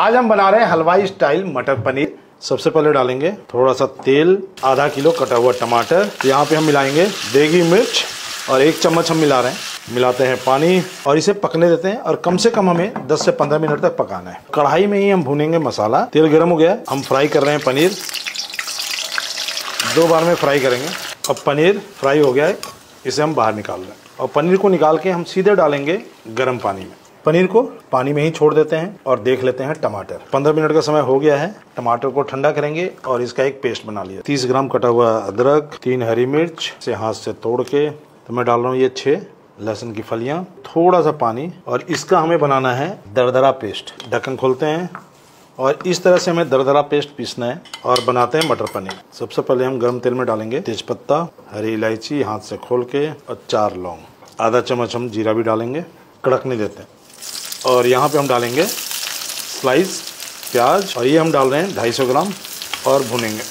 आज हम बना रहे हैं हलवाई स्टाइल मटर पनीर सबसे पहले डालेंगे थोड़ा सा तेल आधा किलो कटा हुआ टमाटर यहाँ पे हम मिलाएंगे देगी मिर्च और एक चम्मच हम मिला रहे हैं मिलाते हैं पानी और इसे पकने देते हैं और कम से कम हमें 10 से 15 मिनट तक पकाना है कढ़ाई में ही हम भूनेंगे मसाला तेल गर्म हो गया हम फ्राई कर रहे हैं पनीर दो बार में फ्राई करेंगे अब पनीर फ्राई हो गया है इसे हम बाहर निकाल रहे हैं और पनीर को निकाल के हम सीधे डालेंगे गर्म पानी में पनीर को पानी में ही छोड़ देते हैं और देख लेते हैं टमाटर 15 मिनट का समय हो गया है टमाटर को ठंडा करेंगे और इसका एक पेस्ट बना लिया 30 ग्राम कटा हुआ अदरक तीन हरी मिर्च से हाथ से तोड़ के तो मैं डाल रहा हूँ ये छह लहसुन की फलियां थोड़ा सा पानी और इसका हमें बनाना है दरदरा पेस्ट ढक्कन खोलते हैं और इस तरह से हमें दरदरा पेस्ट पीसना है और बनाते हैं मटर पनीर सबसे पहले हम गर्म तेल में डालेंगे तेजपत्ता हरी इलायची हाथ से खोल के और चार लौंग आधा चम्मच हम जीरा भी डालेंगे कड़कने देते हैं और यहाँ पे हम डालेंगे स्लाइस प्याज और ये हम डाल रहे हैं 250 ग्राम और भुनेंगे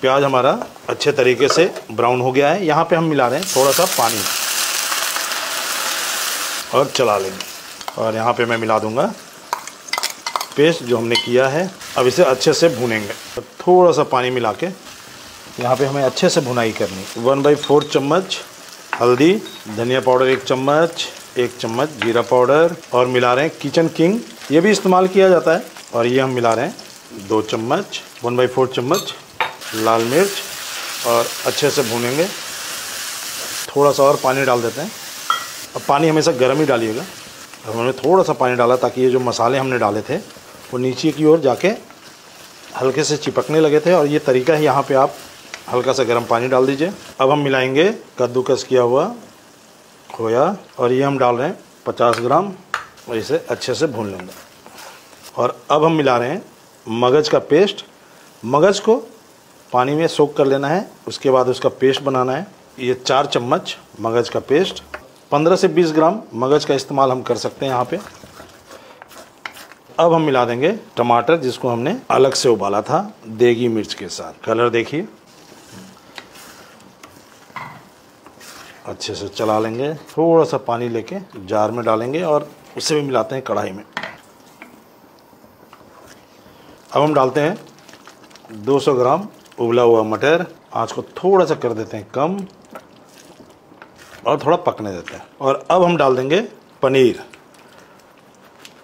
प्याज हमारा अच्छे तरीके से ब्राउन हो गया है यहाँ पे हम मिला रहे हैं थोड़ा सा पानी और चला लेंगे और यहाँ पे मैं मिला दूँगा पेस्ट जो हमने किया है अब इसे अच्छे से भुनेंगे थोड़ा सा पानी मिला के यहाँ पर हमें अच्छे से भुनाई करनी वन बाई फोर चम्मच हल्दी धनिया पाउडर एक चम्मच एक चम्मच जीरा पाउडर और मिला रहे हैं किचन किंग ये भी इस्तेमाल किया जाता है और ये हम मिला रहे हैं दो चम्मच वन बाई फोर चम्मच लाल मिर्च और अच्छे से भूनेंगे थोड़ा सा और पानी डाल देते हैं अब पानी हमेशा गर्म ही डालिएगा अब हमने थोड़ा सा पानी डाला ताकि ये जो मसाले हमने डाले थे वो नीचे की ओर जाके हल्के से चिपकने लगे थे और ये तरीका है यहाँ पे आप हल्का सा गर्म पानी डाल दीजिए अब हम मिलाएंगे कद्दूकस किया हुआ खोया और ये हम डाल रहे हैं पचास ग्राम और इसे अच्छे से भून लेंगे और अब हम मिला रहे हैं मगज का पेस्ट मगज को पानी में सोख कर लेना है उसके बाद उसका पेस्ट बनाना है ये चार चम्मच मगज का पेस्ट 15 से 20 ग्राम मगज का इस्तेमाल हम कर सकते हैं यहाँ पे अब हम मिला देंगे टमाटर जिसको हमने अलग से उबाला था देगी मिर्च के साथ कलर देखिए अच्छे से चला लेंगे थोड़ा सा पानी लेके जार में डालेंगे और उसे भी मिलाते हैं कढ़ाई में अब हम डालते हैं 200 ग्राम उबला हुआ मटर आँच को थोड़ा सा कर देते हैं कम और थोड़ा पकने देते हैं और अब हम डाल देंगे पनीर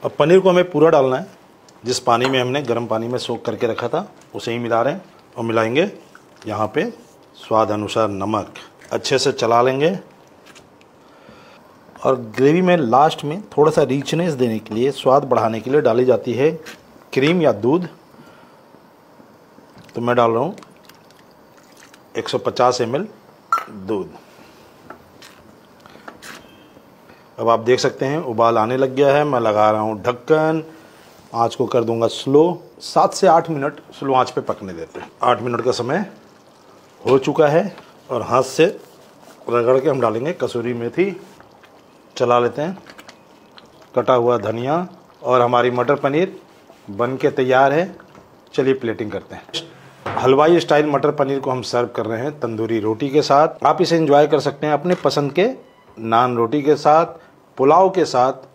अब पनीर को हमें पूरा डालना है जिस पानी में हमने गर्म पानी में सोख करके रखा था उसे ही मिला रहे हैं और मिलाएंगे यहाँ पे स्वाद अनुसार नमक अच्छे से चला लेंगे और ग्रेवी में लास्ट में थोड़ा सा रिचनेस देने के लिए स्वाद बढ़ाने के लिए डाली जाती है क्रीम या दूध तो मैं डाल रहा हूँ 150 सौ दूध अब आप देख सकते हैं उबाल आने लग गया है मैं लगा रहा हूँ ढक्कन आँच को कर दूंगा स्लो सात से आठ मिनट स्लो आँच पे पकने देते हैं आठ मिनट का समय हो चुका है और हाथ से रगड़ के हम डालेंगे कसूरी मेथी चला लेते हैं कटा हुआ धनिया और हमारी मटर पनीर बन के तैयार है चलिए प्लेटिंग करते हैं हलवाई स्टाइल मटर पनीर को हम सर्व कर रहे हैं तंदूरी रोटी के साथ आप इसे एंजॉय कर सकते हैं अपने पसंद के नान रोटी के साथ पुलाव के साथ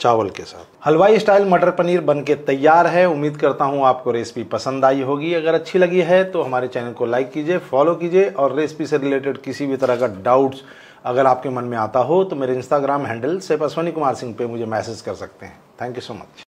चावल के साथ हलवाई स्टाइल मटर पनीर बन के तैयार है उम्मीद करता हूँ आपको रेसिपी पसंद आई होगी अगर अच्छी लगी है तो हमारे चैनल को लाइक कीजिए फॉलो कीजिए और रेसिपी से रिलेटेड किसी भी तरह का डाउट्स अगर आपके मन में आता हो तो मेरे Instagram handle chef Ashwani Kumar Singh पे मुझे मैसेज कर सकते हैं थैंक यू सो मच